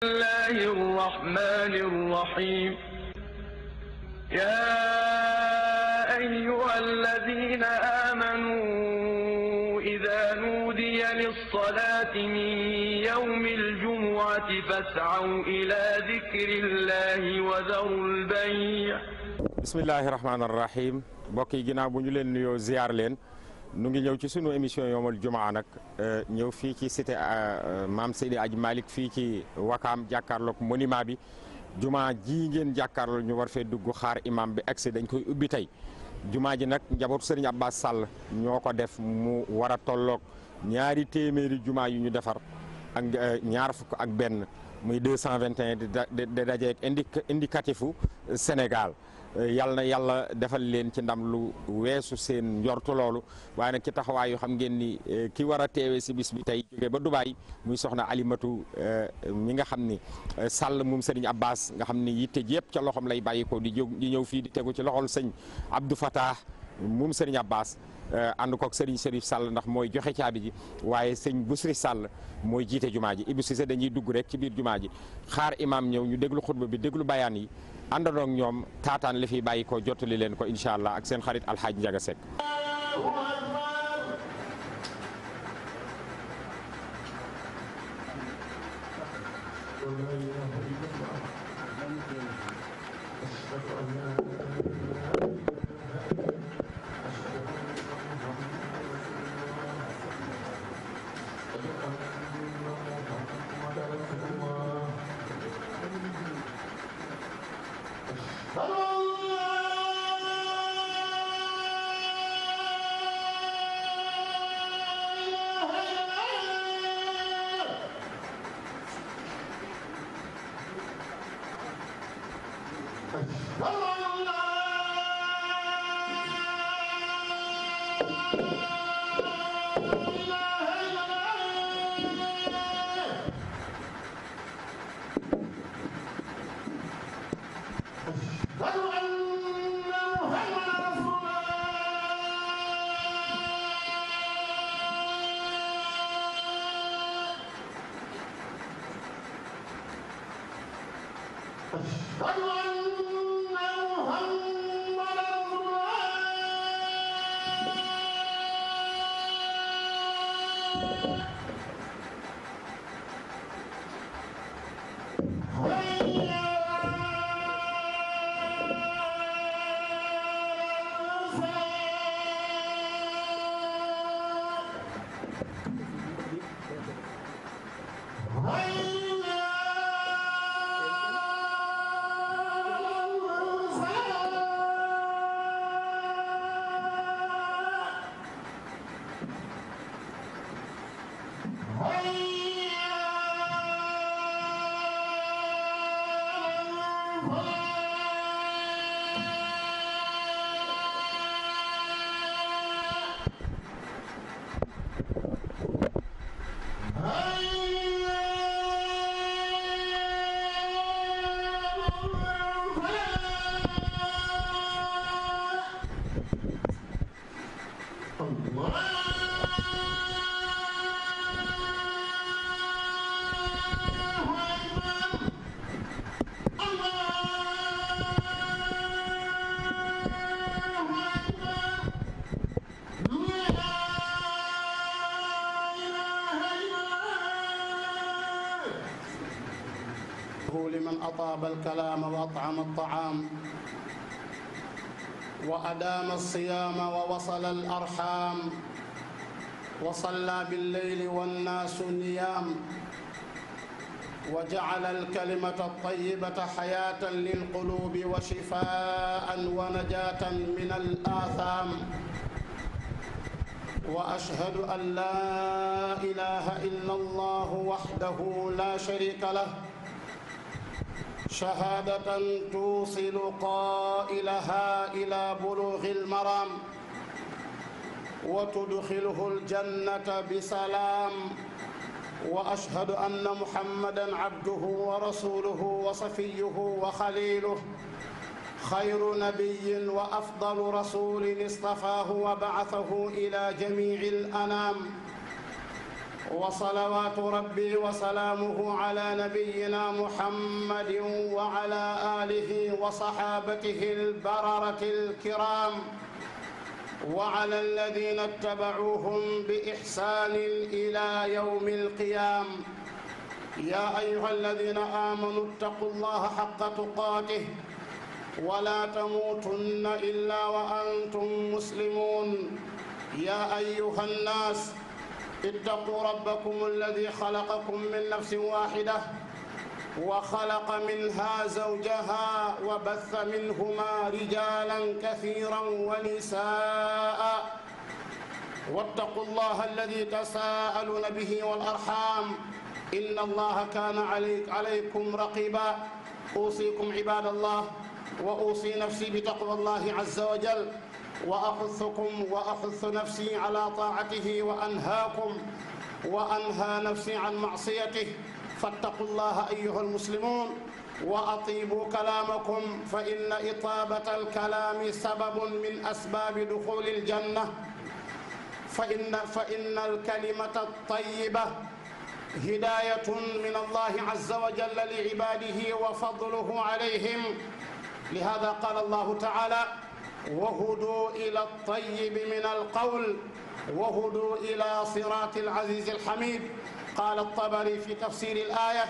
الله الرحمن الرحيم يا أيها الذين آمنوا إذا نودي للصلاة من يوم الجمعة فاسعوا إلى ذكر الله وذروا البيع بسم الله الرحمن الرحيم بقي جناب نيو زيار لين nu ngi ñëw ci sunu émission yoomal jumaa nag euh, ñëw fii ci cité euh, euh, maam Seydi Aji Malick fii ci Wakaam jàkkaarloog monument bi jumaa ji ngeen jàkkaarloo ñu war fee dugg xaar imam bi agsi dañ koy ubbi tey jumaa ji nag njaboot Serigne Abbas Sall ñoo ko def mu war a tolloog ñaari téeméeri jumaa yu ñu defar ak ñaar fukk ak benn muy 221 di da di dajeeg indicatif u Sénégal. yàlla na yàlla defal leen ci ndam lu weesu seen njortu loolu waaye nag ci taxawaay yoo xam ngeen ni e, ki war a teewee si bis bi tey jógee ba Dubaay muy soxna Alimatu e, mi nga xam ni e, Sall moom Serigne Abbas nga xam ni yitte ji yëpp ca loxoom lay bàyyi ko di jóg di ñëw fii di tegu ci loxool sëñ Abdou Fatah moom Serigne Abbas. ànd ak Serigne Serif Sall ndax mooy joxe caabi ji waaye sëñ bu Busri sàll mooy jiite jumaa ji Ibou Cissé dañuy dugg rek ci biir jumaa ji xaar imam ñëw ñu déglu xutba bi déglu bayaan yi àndandoo ñoom taataan li fi bàyyi ko jottali leen ko incha allah ak seen xarit Alxaaj Njaga Sekk Thank Thank you. وأطعم الطعام وأدام الصيام ووصل الأرحام وصلى بالليل والناس نيام وجعل الكلمة الطيبة حياة للقلوب وشفاء ونجاة من الآثام وأشهد أن لا إله إلا الله وحده لا شريك له شهادة توصل قائلها إلى بلوغ المرام وتدخله الجنة بسلام وأشهد أن محمدا عبده ورسوله وصفيه وخليله خير نبي وأفضل رسول اصطفاه وبعثه إلى جميع الأنام وصلوات ربي وسلامه على نبينا محمد وعلى آله وصحابته البررة الكرام وعلى الذين اتبعوهم بإحسان إلى يوم القيام يا أيها الذين آمنوا اتقوا الله حق تقاته ولا تموتن إلا وأنتم مسلمون يا أيها الناس اتقوا ربكم الذي خلقكم من نفس واحدة وخلق منها زوجها وبث منهما رجالا كثيرا ونساء واتقوا الله الذي تساءلون به والأرحام إن الله كان عليك عليكم رقيبا أوصيكم عباد الله وأوصي نفسي بتقوى الله عز وجل وأحثكم وأحث نفسي على طاعته وأنهاكم وأنهى نفسي عن معصيته فاتقوا الله أيها المسلمون وأطيبوا كلامكم فإن إطابة الكلام سبب من أسباب دخول الجنة فإن فإن الكلمة الطيبة هداية من الله عز وجل لعباده وفضله عليهم لهذا قال الله تعالى وهدوا إلى الطيب من القول وهدوا إلى صراط العزيز الحميد قال الطبري في تفسير الآية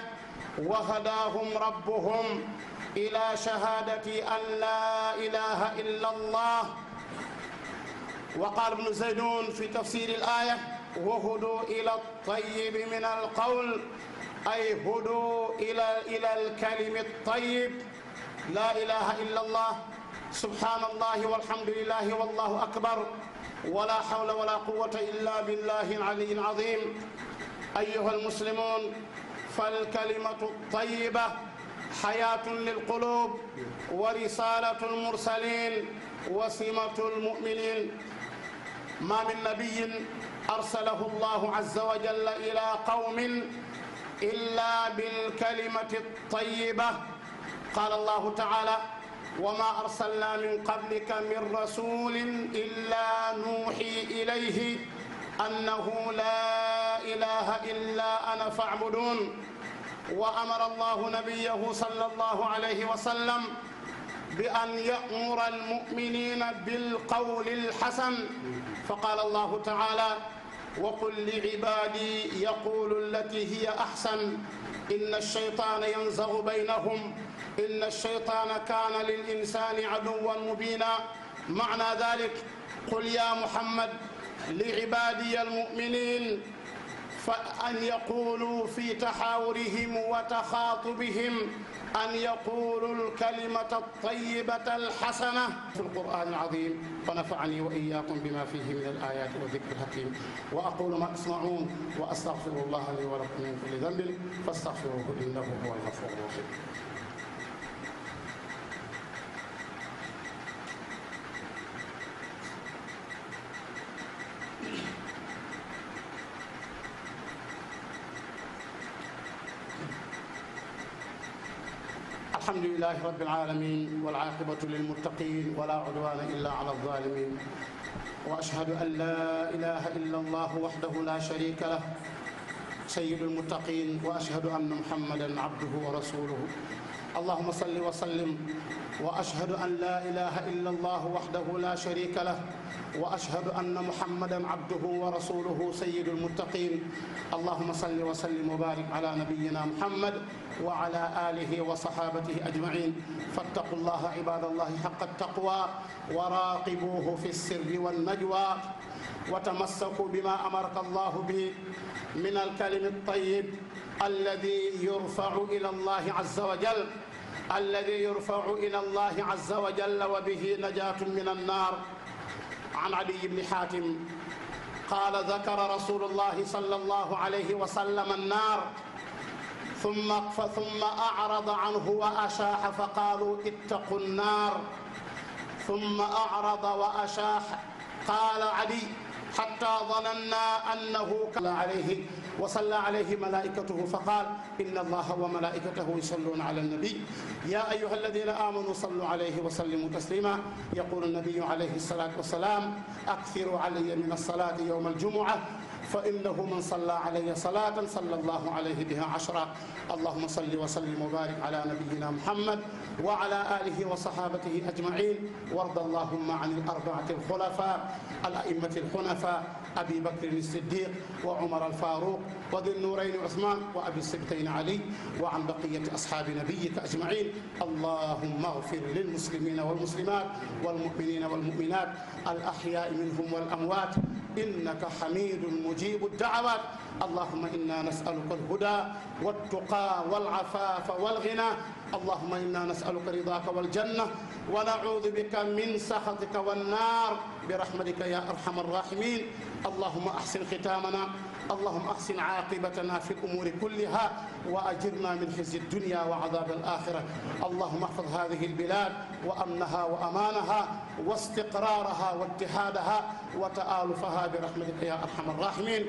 وهداهم ربهم إلى شهادة أن لا إله إلا الله وقال ابن زيدون في تفسير الآية وهدوا إلى الطيب من القول أي هدوا إلى إلى الكلم الطيب لا إله إلا الله subhaanallahi walhamdulillahi wallahu akbar wala hawla wala quwwata illa billahi al-aliyyi al-azim ayyuha al-muslimun فالكلمة الطيبة حياة للقلوب ورسالة المرسلين وسمة المؤمنين ما من نبي أرسله الله عز وجل إلى قوم إلا بالكلمة الطيبة قال الله تعالى وما أرسلنا من قبلك من رسول إلا نوحي إليه أنه لا إله إلا أنا فاعبدون وأمر الله نبيه صلى الله عليه وسلم بأن يأمر المؤمنين بالقول الحسن فقال الله تعالى وقل لعبادي يقولوا التي هي أحسن إن الشيطان ينزغ بينهم إن الشيطان كان للإنسان عدوا مبينا معنى ذلك قل يا محمد لعبادي المؤمنين فأن يقولوا في تحاورهم وتخاطبهم أن يقولوا الكلمة الطيبة الحسنة في القرآن العظيم ونفعني وإياكم بما فيه من الآيات والذكر الحكيم وأقول ما أسمعون وأستغفر الله لي ولكم من كل ذنب فاستغفروه إنه هو الغفور الرحيم alhamdulilahi rabbil alamin wal aqibatu lil muttaqin wala udwana illa ala zalimin wa ashhadu an la ilaha illa allah wahdahu la sharika lah sayyidul muttaqin wa ashhadu anna muhammadan abduhu wa rasuluhu اللهم صل وسلم واشهد ان لا اله الا الله وحده لا شريك له واشهد ان محمدا عبده ورسوله سيد المتقين اللهم صل وسلم وبارك على نبينا محمد وعلى اله وصحابته اجمعين فاتقوا الله عباد الله حق التقوى وراقبوه في السر والنجوى وتمسكوا بما امرك الله به من الكلم الطيب الذي يرفع إلى الله عز وجل الذي يرفع إلى الله عز وجل وبه نجاة من النار عن علي بن حاتم قال ذكر رسول الله صلى الله عليه وسلم النار ثم ثم أعرض عنه وأشاح فقالوا اتقوا النار ثم أعرض وأشاح قال علي حتى ظننا أنه كان عليه wa salla alayhi malaikatuhu fa qaal inna allaha wa malaikatahu yusalluuna ala annabi ya ayuha alladina amanu sallu alayhi wa sallimu taslima yaqulu annabiyu alayhi salatu wassalam akthiru alayya min alsalati yowma aljumuca fa innahu man salla alayya salatan salla allahu alayhi biha ashra allahuma salli wa sallim wa barik ala nabiyina muhammad wa ala alihi wa sahabatihi ajmain warda allahuma an al-arba'ati al-khulafa al-a'immati al-hunafa abi bakrin as-siddiq wa umar al-faruq wa dhi an-nurayn uthman wa abi as-sibtayn ali wa an baqiyati ashabi nabiyyika ajmain allahumma ighfir lil-muslimina wal-muslimat wal-mu'minina wal-mu'minat al-ahya'i minhum wal-amwat innaka hamidun mujibu da'awat اللهم إنا نسألك الهدى والتقى والعفاف والغنى اللهم إنا نسألك رضاك والجنة ونعوذ بك من سخطك والنار برحمتك يا أرحم الراحمين اللهم أحسن ختامنا اللهم أحسن عاقبتنا في الأمور كلها وأجرنا من خزي الدنيا وعذاب الآخرة اللهم احفظ هذه البلاد وأمنها وأمانها واستقرارها واتحادها وتآلفها برحمتك يا أرحم الراحمين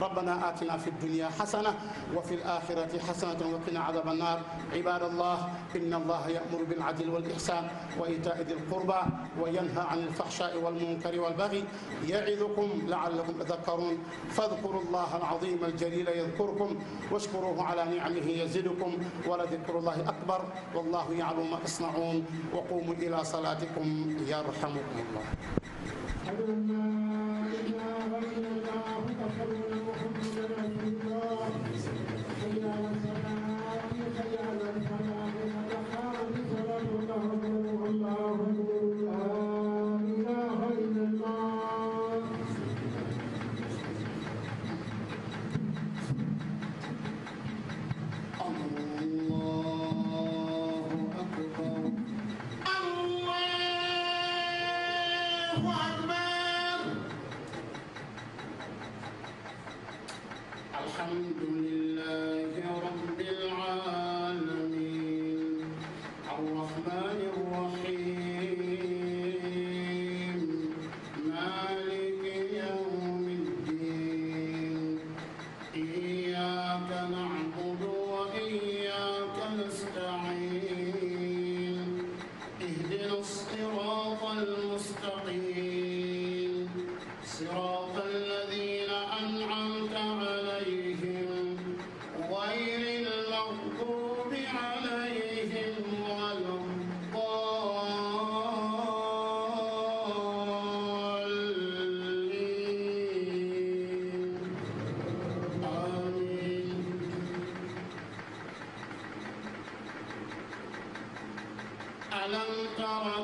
ربنا آتنا في الدنيا حسنة وفي الآخرة حسنة وقنا عذاب النار عباد الله إن الله يأمر بالعدل والإحسان وإيتاء ذي القربى وينهى عن الفحشاء والمنكر والبغي يعظكم لعلكم تذكرون فاذكروا الله العظيم الجليل يذكركم واشكروه على نعمه يزدكم ولذكر الله أكبر والله يعلم ما تصنعون وقوموا إلى صلاتكم يرحمكم الله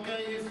kay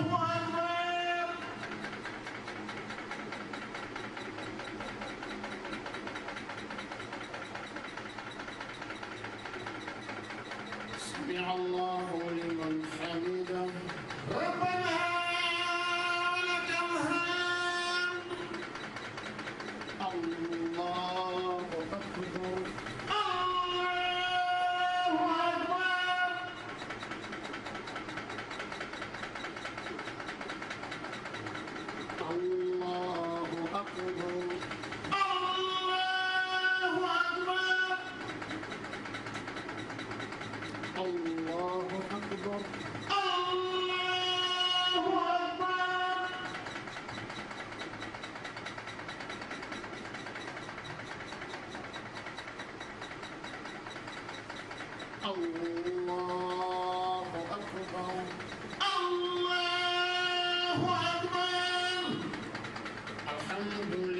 الله أكبر الحمد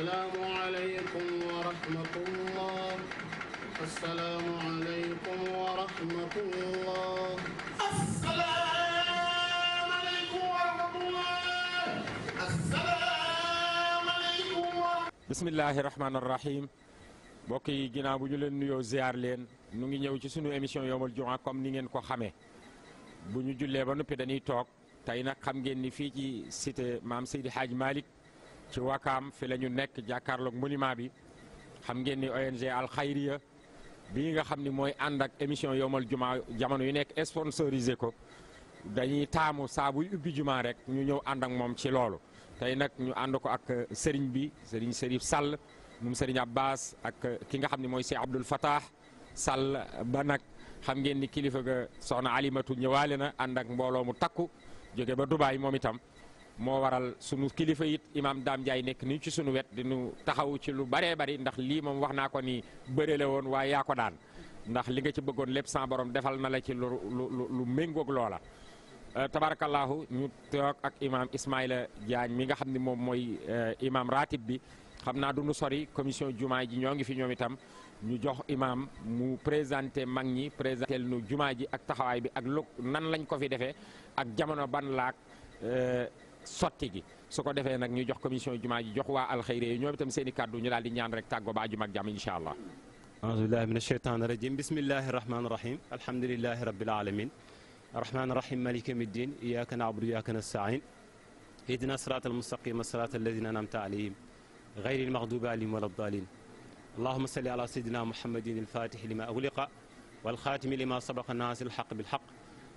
السلام عليكم ورحمة الله السلام عليكم ورحمة الله السلام عليكم ورحمة الله السلام عليكم بسم الله الرحمن الرحيم mbokk yi ginnaaw bu ñu leen nuyoo ziar leen nu ngi ñëw ci sunu émission yoomal jumaa comme ni ngeen ko xamee bu ñu jullee ba noppi dañuy toog tey nag xam ngeen ni fii ci cité maam Seydi Hadj Malick ci wakaam fi la ñu nekk jàkkaarloog monument bi xam ngeen ni ONG alxayriya bii nga xam ni mooy ànd ak émission yomal juma jamono yu nekk sponsorisé ko dañuy taamu saabu buy ubbi juma rek ñu ñëw ànd ak moom ci loolu tey nag ñu ànd ko ak sëriñ bi sëriñ Serif Sall moom sëriñ Abbas ak ki nga xam ne mooy Cheikh Abdoul Fatah Sall ba nag xam ngeen ni kilifa ga soxna Alimatu ñëwaale na ànd ak mbooloo mu takku jóge ba Dubaay moom itam moo waral sunu kilifa it imaam daam Ndiaye nekk nii ci sunu wet di taxawu ci lu baree bari ndax lii moom wax naa ko ni bëre la woon waaye yaa ko daan ndax li nga ci bëggoon lépp sans borom defal na la ci lu lu lu méngoog loola. Euh, tabarakallahu ñu toog ak imaam Ismaïla Diagne mi nga xam ne moom mooy euh, imaam ratib bi xam naa du nu sori commission jumaa ji ñoo ngi fi ñoom itam. ñu jox imaam mu présenté mag ñi présenté nu jumaa ji ak taxawaay bi ak lu nan lañ ko fi defee ak jamono ban laak euh, sotti gi su ko defee nag ñu jox commission jumaa ji jox waa alxayri yi ñoom itam seen i kàddu ñu daal di ñaan rek tàggoo ba àjjuma ak jàmm incha allah aousubillahi min asheytan irajim bismillahi irahmani irahim alhamdulilahi rabil alamin arrahmani irahim malik yawmi ddin iyaka na'budu wa iyaka nasta'in ihdina sirata almustaqima sirata alladina an'amta alayhim غير المغضوب عليهم ولا الضالين اللهم صل على سيدنا محمد الفاتح لما أغلق والخاتم لما سبق الناس الحق بالحق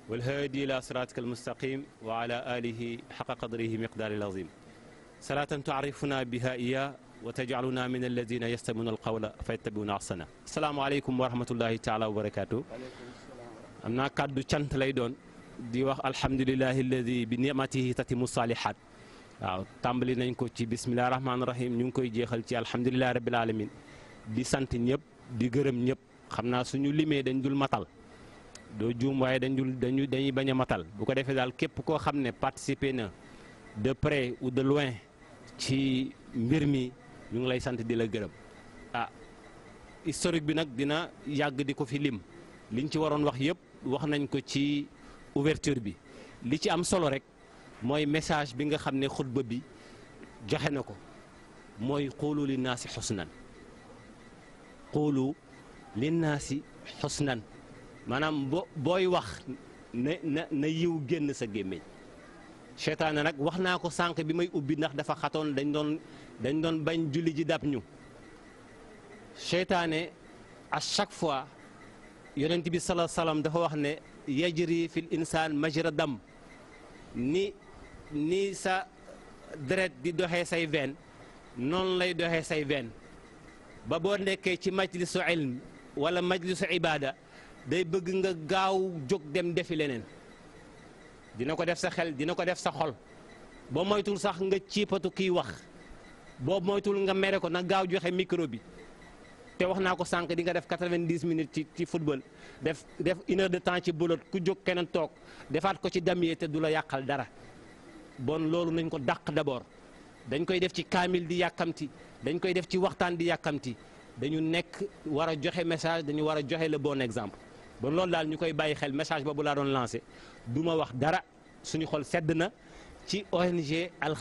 والهادي إلى صراطك المستقيم وعلى آله حق قدره مقدار العظيم صلاة تعرفنا بها إياه وتجعلنا من الذين يستمعون القول فيتبعون أحسنه السلام عليكم ورحمة الله تعالى وبركاته am naa kàddu cant lay doon di wax alhamdulilahi alladi bi nicmatihi tatimu salihat waaw tàmbali nañ ko ci bisimilah rahmaani rahim ñu ngi koy jeexal ci alhamdulilahi rabil alamin di sant ñëpp di gërëm ñëpp xam naa suñu limee dañ dul matal doo juum waaye dañu dañu dañuy bañ a matal bu ko defee daal képp koo xam ne participer na de près ou de loin ci mbir mi ñu ngi lay sant di la gërëm ah historique bi nag dina yàgg di ko fi lim liñ ci waroon wax yëpp wax nañ ko ci ouverture bi li ci am solo rek mooy message bi nga xam ne xutba bi joxe na ko mooy xuulu li naasi xusnan xuulu li naasi xusnan maanaam bo booy wax na na yiw génn sa gémmiñ seytaane nag wax naa ko sànq bi may ubbi ndax dafa xatoon dañ doon dañ doon bañ julli ji dab ñu seytaane a chaque fois yonent bi sala salaam dafa wax ne yajri fil insaan majra dam ni ni sa deret di doxee say veen noonu lay doxee say veen ba boo nekkee ci majlisu ilm wala majlisu ibaada day bëgg nga gaaw jóg dem defi leneen dina ko def sa xel dina ko def sa xol boo moytuwul sax nga ciipatu kiy wax boo moytul nga mere ko na gaaw joxe micro bi te wax naa ko sànq di nga def quatre-vingt-dix minutes ci ci football def def une heure de temps ci bolot ku jóg keneen toog defaat ko ci damier te du la yàqal dara bon loolu nañ ko dàq d'abord dañ koy def ci kaamil di yàkkamti dañ koy def ci waxtaan di yàkkamti dañu nekk war a joxe message dañu war a joxe la bon exemple ba loolu daal ñu koy bàyyi xel message boobu laa doon lancé du ma wax dara suñu xol sedd na ci ONG Al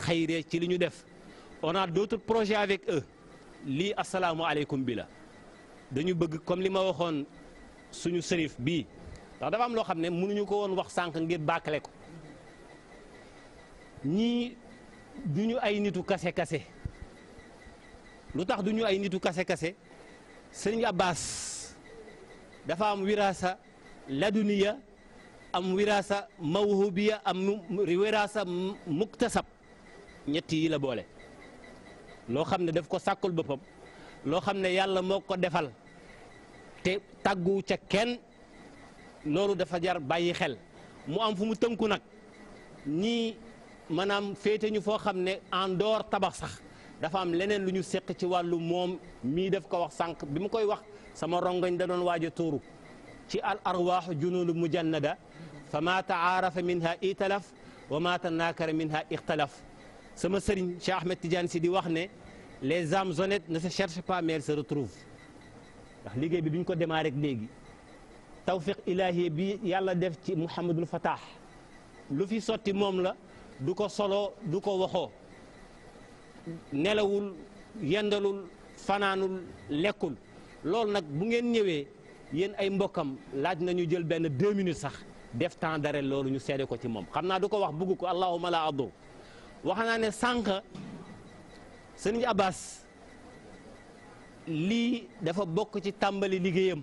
ci li ñu def on a projet projets avec eux lii asalaamualeykum bi la dañu bëgg comme li ma waxoon suñu sërif bi ndax dafa am loo xam ne mënuñu ko woon wax sànq ngir bàkkale ko ñii du ñu ay nitu kase-kase lu tax du ñu ay nitu kase-kase sëriñ Abbas dafa am wiraasa laduniya am wiraasa mawhubiya am wiraasa muktasab ñetti yi la boole loo xam ne daf ko sàkkul boppam loo xam ne yàlla moo ko defal te tàgguwu ca kenn loolu dafa jar bàyyi xel mu am fu mu tënku nag ñii maanaam féete foo xam ne en dehors tabax sax dafa am leneen lu ñu seq ci wàllu moom mii def ko wax sànq bi mu koy wax sama rongoñ da doon waaj a tuuru ci al arwaaxu junuudu mujannada fa maa taarafa minha italaf wa maa tanaakara minha ixtalaf sama sëriñ Cheikh Ahmed Tidiane si di wax ne les âmes honnêtes ne se cherchent pas mais elles se retrouvent liggéey bi biñ ko démarré rek léegi tawfiq ilaahi bi yàlla def ci Mouhamadul Fatah lu fi sotti moom la du ko soloo du ko waxoo nelawul yendalul fanaanul lekkul loolu nag bu ngeen ñëwee yéen ay mbokkam laaj nañu jël benn deux minutes sax def temps d'arrêt loolu ñu seede ko ci moom xam naa du ko wax bugg ko allahuma laa addo wax naa ne sànq sëñ Abbas lii dafa bokk ci tàmbali liggéeyam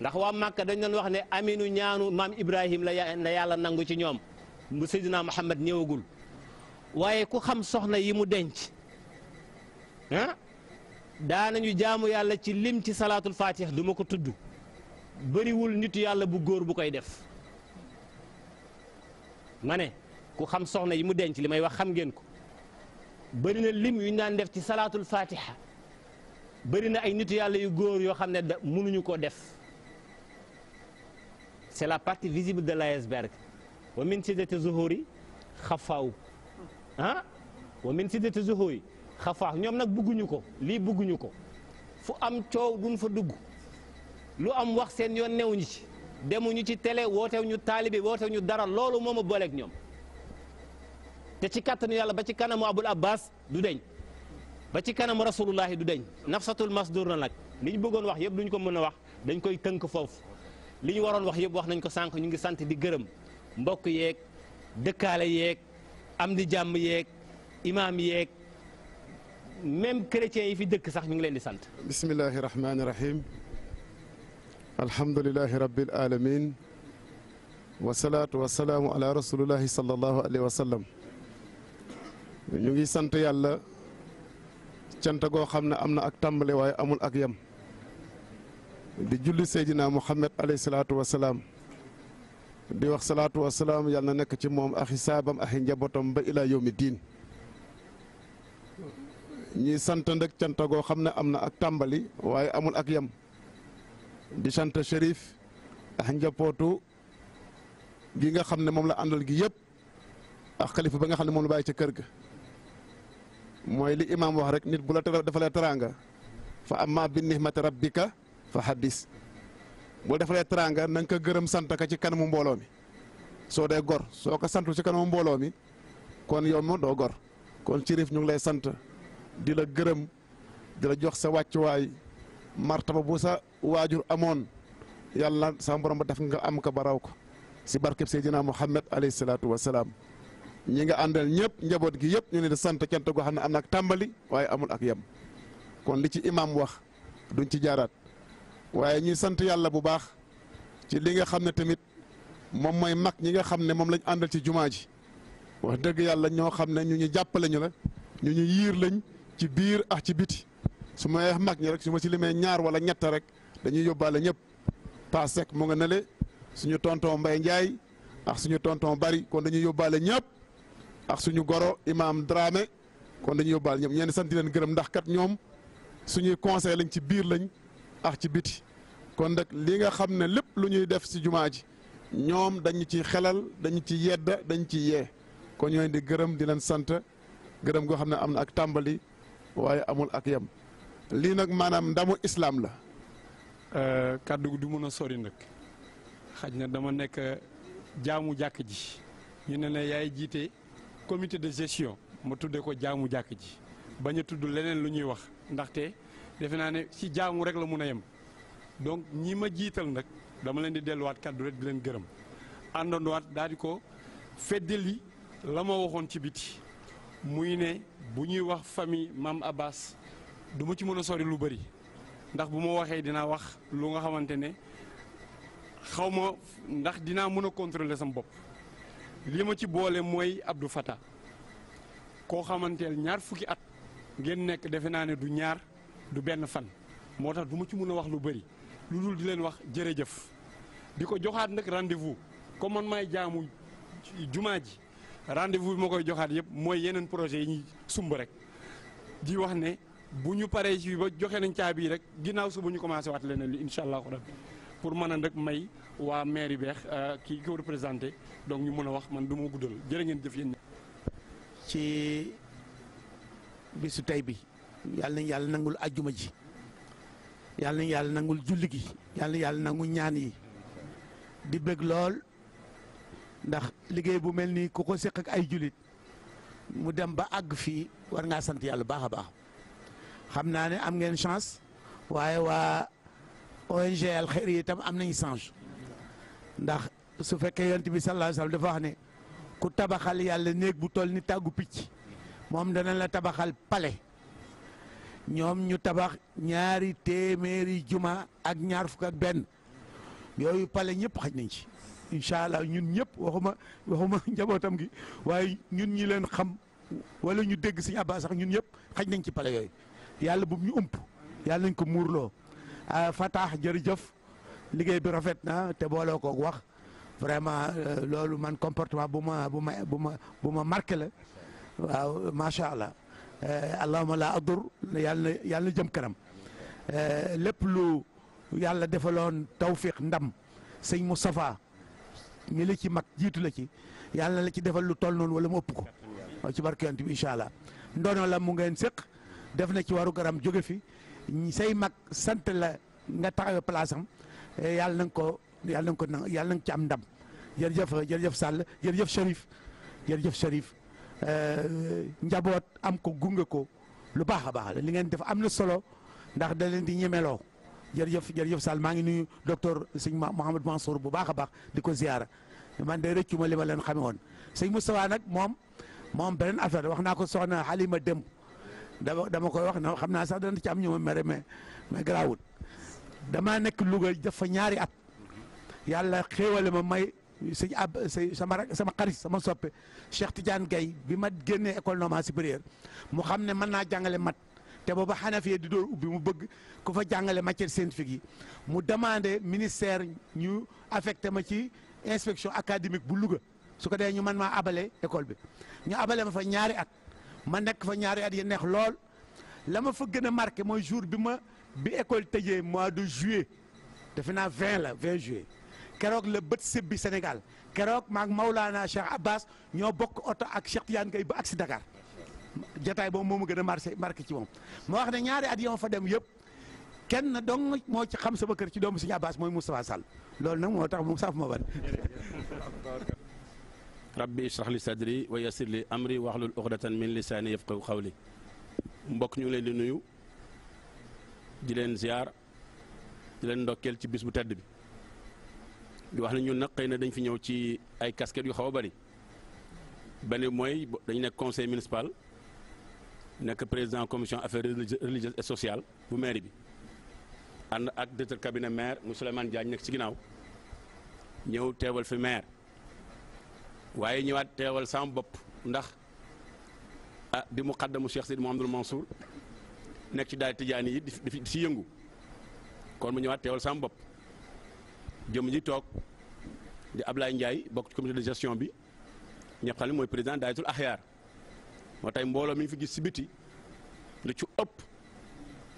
ndax waa Màkka dañ doon wax ne aminu ñaanu maam Ibrahim la yàlla nangu ci ñoom bu Seydina Muhammad ñëwagul waaye ku xam soxna yi mu denc ah daana daanañu jaamu yàlla ci lim ci salaatul faatix duma ko tudd bëriwul nitu yàlla bu góor bu koy def ma ne ku xam soxna yi mu denc li may wax xam ngeen ko bëri na lim yu ñu daan def ci salaatul faatixa bëri na ay nitu yàlla yu góor yoo xam ne da mënuñu koo def c'est la partie visible de l'iceberg wa min siddati zuhuri xafaaw ah wa min siddati zuhuri xafaax ñoom nag bugguñu ko lii bugguñu ko fu am coow duñ fa dugg lu am wax seen yoon newuñu ci demuñu ci tele wootew ñu taalibe wootew ñu dara loolu moo ma booleeg ñoom te ci kàttanu yàlla ba ci kanamu abul abbas du deñ ba ci kanamu rasulullahi du deñ nafsatul masdur na nag li ñu bëggoon wax yëpp duñ ko mën a wax dañ koy tënk foofu li ñu waroon wax yëpp wax nañ ko sànq ñu ngi sant di gërëm mbokk yeeg dëkkaale yeeg am di jàmm yeeg imaam yeeg même chrétiens yi fi dëkk sax ñu ngi leen di sant. bismillahi rahmaani rahim alhamdulilahi rabbil alamin wasalaatu wasalaamu ala rasulillahi sallallahu alayhi wa ñu ngi sant yàlla cant goo xam ne am na ak tàmbale waaye amul ak yam di julli Seydina Muhammad alayhi salaatu wasalaam di wax salaatu wasalaam yàlla na nekk ci moom axi saabam axi njabootam ba ilaa yawmi diin ñuy sant nag cant goo xam ne am na ak tàmbali waaye amul ak yam di sant Chérif ak njabootu gi nga xam ne moom la àndal gi yëpp ak xalifa ba nga xam ne moom la bàyyi ca kër ga mooy li imaam wax rek nit bu la defalee teraanga fa amma bi nihmati rabbika fa haddis bu defalee teraanga na nga ko gërëm sant ka ci kanamu mbooloo mi soo dee gor soo ko santu ci kanamu mbooloo mi kon yow ma doo gor kon Chérif ñu ngi lay sant di la gërëm di la jox sa wàccuwaay martaba bu sa waajur amoon yàlla sa borom ba def nga am ko ba raw ko si barkeb Seydina Muhammad alayhi salaatu wa salaam ñi nga àndal ñëpp njaboot gi yëpp ñu ne sant cant goo xam ne am na ak tàmbali waaye amul ak yem kon li ci imaam wax duñ ci jaaraat waaye ñuy sant yàlla bu baax ci li nga xam ne tamit moom mooy mag ñi nga xam ne moom lañ àndal ci jumaa ji wax dëgg yàlla ñoo xam ne ñu ñu jàppale ñu la ñu ñu yiir lañ ci biir ak ci biti su ma yeex mag ñi rek su ma si limee ñaar wala ñett rek dañuy yóbbaale ñëpp Pa Seck mu nga nele suñu tonton mbay Ndiaye ax suñu tonton Bari kon dañuy yóbbaale ñëpp ak suñu goro imam drame kon dañuy yóbbaale ñëpp ñeen sant di leen gërëm ndax kat ñoom suñuy conseil lañ ci biir lañ ax ci biti kon nag li nga xam ne lépp lu ñuy def si jumaa ji ñoom dañu ci xelal dañu ci yedda dañu ci yee kon ñooy di gërëm di leen sant gërëm goo xam ne am na ak tàmbali waaye amul ak yam lii nag maanaam ndamu islaam la. Euh, kàddu gi du mën a sori nag xaj na dama nekk jaamu jàkk ji ñu ne ne yaay jiite commité de gestion ma tuddee ko jaamu jàkk ji bañ a tudd leneen lu ñuy wax ndaxte defe naa ne ci jaamu rek la mun a yem donc ñii ma jiital nag dama leen di delluwaat kàddu rek di leen gërëm àndanduwaat daal di ko fedd li la ma waxoon ci biti. muy ne bu ñuy wax famille maam Abbas du ma ci mën a sori lu bari ndax bu ma waxee dinaa wax lu nga xamante ne xawma ndax dinaa mën a contrôler sam bopp lii ma ci boole mooy Abdou Fata koo xamanteel ñaar fukki at ngeen nekk defe naa ne du ñaar du benn fan moo tax du ma ci mën a wax lu bëri lu dul di leen wax jërëjëf di ko joxaat nag rendez-vous comme man maay jaamu jumaa ji rendez-vous bi ma koy joxaat yëpp mooy yeneen projet yi ñuy sumb rek di wax ne bu ñu paree ci ba joxe nañ caabi yi rek ginnaaw suba ñu commencé waat leneen li incha allahu rabbi pour mën a nag may waa maire yu beex euh, kii ko représenté donc ñu mën a wax man du ma guddal jërë ngeen jëf yéen ci bisu tey bi yàlla nañ yàlla nangul ajjuma ji yàlla nañ yàlla nangul julli gi yàlla nañ yàlla nangul ñaan yi di bëgg lool ndax liggéey bu mel ni ku ko séq ay julit mu dem ba àgg fii war ngaa sant yàlla baax a baax xam naa ne am ngeen chance waaye waa ONG Al Khayriya itam am nañu change ndax su fekkee yonent bi sallallahu alayhi dafa wax ne ku tabaxal yàlla néeg bu toll ni tàggu picc moom dana la tabaxal pale ñoom ñu tabax ñaari téeméeri juma ak ñaar fukk ak benn yooyu pale ñëpp xaj nañ ci incha allah ñun ñëpp waxuma waxuma njabootam gi waaye ñun ñi leen xam wala ñu dégg siñ Abba sax ñun ñëpp xaj nañ ci pale yooyu yàlla bu ñu ump yàlla nañ ko muurloo ah, Fataax jërëjëf liggéey bi rafet na te booloo ko wax vraiment euh, loolu man comportement bu ma bu ma bu ma bu ma marqué la waaw macha allah euh, allahuma la adur yàlla yàlla jëm kanam euh, lépp lu yàlla defaloon tawfiq ndam sëñ Moustapha ñi la ci mag jiitu la ci yàlla la ci defal lu toll noonu wala mu ëpp ko waaw ci barke yonent bi incha allah ndono la mu ngeen séq def na ci waru garam jóge fi say mag sant la nga taxawee place am eh, yàlla na nga ko yàlla na na yàlla nga ci am ndam jërëjëf jërëjëf Sall jërëjëf Cherif jërëjëf Cherif eh, njaboot am ko gunge ko lu baax a baax la li ngeen def am na solo ndax da leen di ñemeloo jërëjëf jërëjëf Sall maa ngi nuyu docteur sëñ Mouhamed Mansour bu baax a baax di ko ziara man de rëccu ma li ma leen xame woon sëñ Moustapha nag moom moom beneen affaire wax naa ko soxna Halima dem dama dama koy wax na xam naa sax dana ci am ñu ma mere mais mais garaawul damaa nekk Louga dafa ñaari at yàlla xéewale ma may sëñ ab sama sama xarit sama soppe Cheikh Tidiane Gaye bi ma génnee école normale supérieure mu xam ne mën naa jàngale mat te booba xanafiya di door ubbi mu bëgg ku fa jàngale matière scientifique yi mu demandé ministère ñu affecté ma ci inspection académique bu Louga su ko dee ñu man maa abale école bi ñu abale ma fa ñaari at ma nekk fa ñaari at yi neex lool la ma fa gën a marqué mooy jour bi ma bi école tëjee mois de juillet defe naa vingt la 20 juillet keroog la bët sëb Sénégal keroog maag Maulana Cheikh Abbas ñoo bokk oto ak Cheikh Tidiane Gaye ba ak Dakar jataay boobu moo ma gën a marqué ci moom moo wax ne ñaari at yoo fa dem yëpp kenn dong moo ci xam sama kër ci doomu Sëñ Abbas mooy Moustapha Sall loolu nag moo tax mu saf ma ban rabbi israh li sadri wa yassir li amri waxlul uqdatan min lisaani yafqahu qawli mbokk ñu leen di nuyu di leen ziar di leen ndokkeel ci bis bu tedd bi di wax ne ñun nag xëy na dañ fi ñëw ci ay casquettes yu xaw a bari benn mooy dañu nekk conseil municipal nekk président commission affaires religieuses et sociales bu mairie bi ànd ak directeur cabinet maire mu Souleymane Diagne nekk ci ginaaw ñëw teewal fi maire waaye ñëwaat teewal sama bopp ndax a ah, di mu xaddamu Cheikh Sidi Mouhamadul Mansour nekk ci daal tijaani yi di si yëngu kon mu ñëwaat teewal sama bopp jëm ji toog di Ablaye njaay bokk ci de gestion bi ñëpp xam ne mooy président daayatul axyaar moo tey mbooloo mi ñu fi gis si biti lu ci ëpp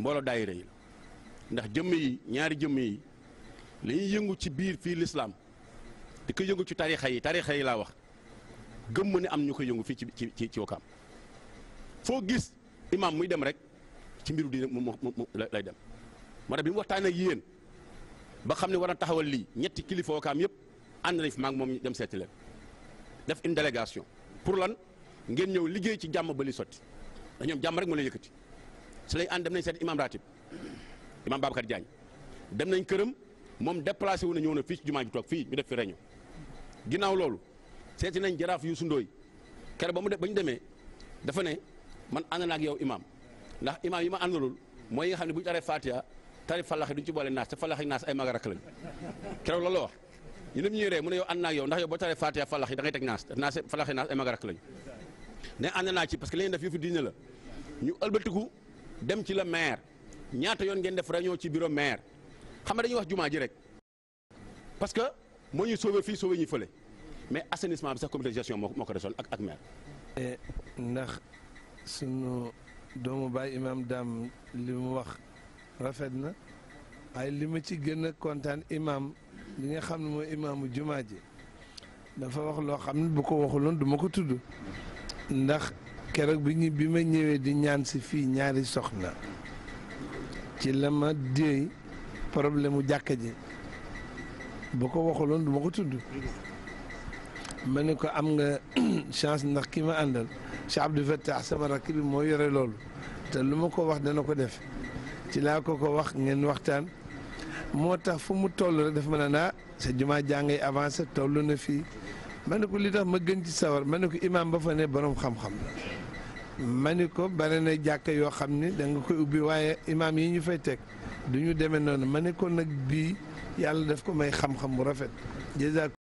mbooloo daayira ndax jëmm yi ñaari jëmm yi lañuy yëngu ci biir fii lislaam di ko yëngu ci tarixa yi tarixa yi laa wax gëm ni am ñu koy yëngu fii ci ci ci Wakaam foo gis imaam muy dem rek ci mbiru di mu mu lay dem moo tax bi mu waxtaan ak yéen ba xam ne war a taxawal lii ñetti kilifa Wakaam yëpp ànd nañ fi maag moom dem seeti def une délégation pour lan ngeen ñëw liggéey ci jàmm ba li sotti da ñoom jàmm rek moo lay yëkkati si lañ ànd dem nañ seet imam ratib imam Babacar Diagne dem nañ këram moom déplacé wu na ñëw ne fii ci jumaa ji toog fii ñu def fi réunion ginnaaw loolu seeti nañ jaraaf Youssou Ndoye keroog ba mu def ba ñu demee dafa ne man ànd naa ak yow imam ndax imam yi ma àndalul mooy yi nga xam ne bu ñu taree Fatiha tari fallaxe duñ ci boole naas te fallaxe naas ay mag a rakk lañ keroog wax ñu dem ñuy ree mu ne yow ànd naa ak yow ndax yow boo taree Fatiha a rakk ne ànd naa ci parce que li ngeen def yëfu diine la ñu ëlbatiku dem ci la maire ñaata yoon ngeen def réunion ci bureau maire xam nga dañuy wax jumaa ji rek parce que moo ñu sauver fii sauver ñu fële mais assainissement bi sax comité de gestion moo moo ko desoon ak ak maire. Eh, ndax sunu doomu baay imaam daam li wax rafet na waaye li ma ci gën a kontaan imaam li nga xam ne mooy imaamu jumaa ji dafa wax loo xam ne bu ko waxuloon du ma ko tudd. ndax keroog bi ñu bi ma ñëwee di ñaan si fii ñaari soxna ci la ma déey problème mu jàkka ji bu ko waxuloon du ma ko tudd ma ne ko am nga chance ndax ki ma àndal Cheikh Abdou Fattah sama rakk bi moo yore loolu te lu ma ko wax dana ko def ci laa ko ko wax ngeen waxtaan moo tax fu mu toll rek dafa ma a naa ah, sa jumaa jàngay avancé toll na fii ma ne ko li ma gën ci sawar ma ne ko imaam ba fa ne borom xam-xam ma ne ko bare na jàkka yoo xam ne da nga koy ubbi waaye imaam yi ñu fay teg du ñu demee noonu ma ne nag bii yàlla daf ko may xam-xam bu rafet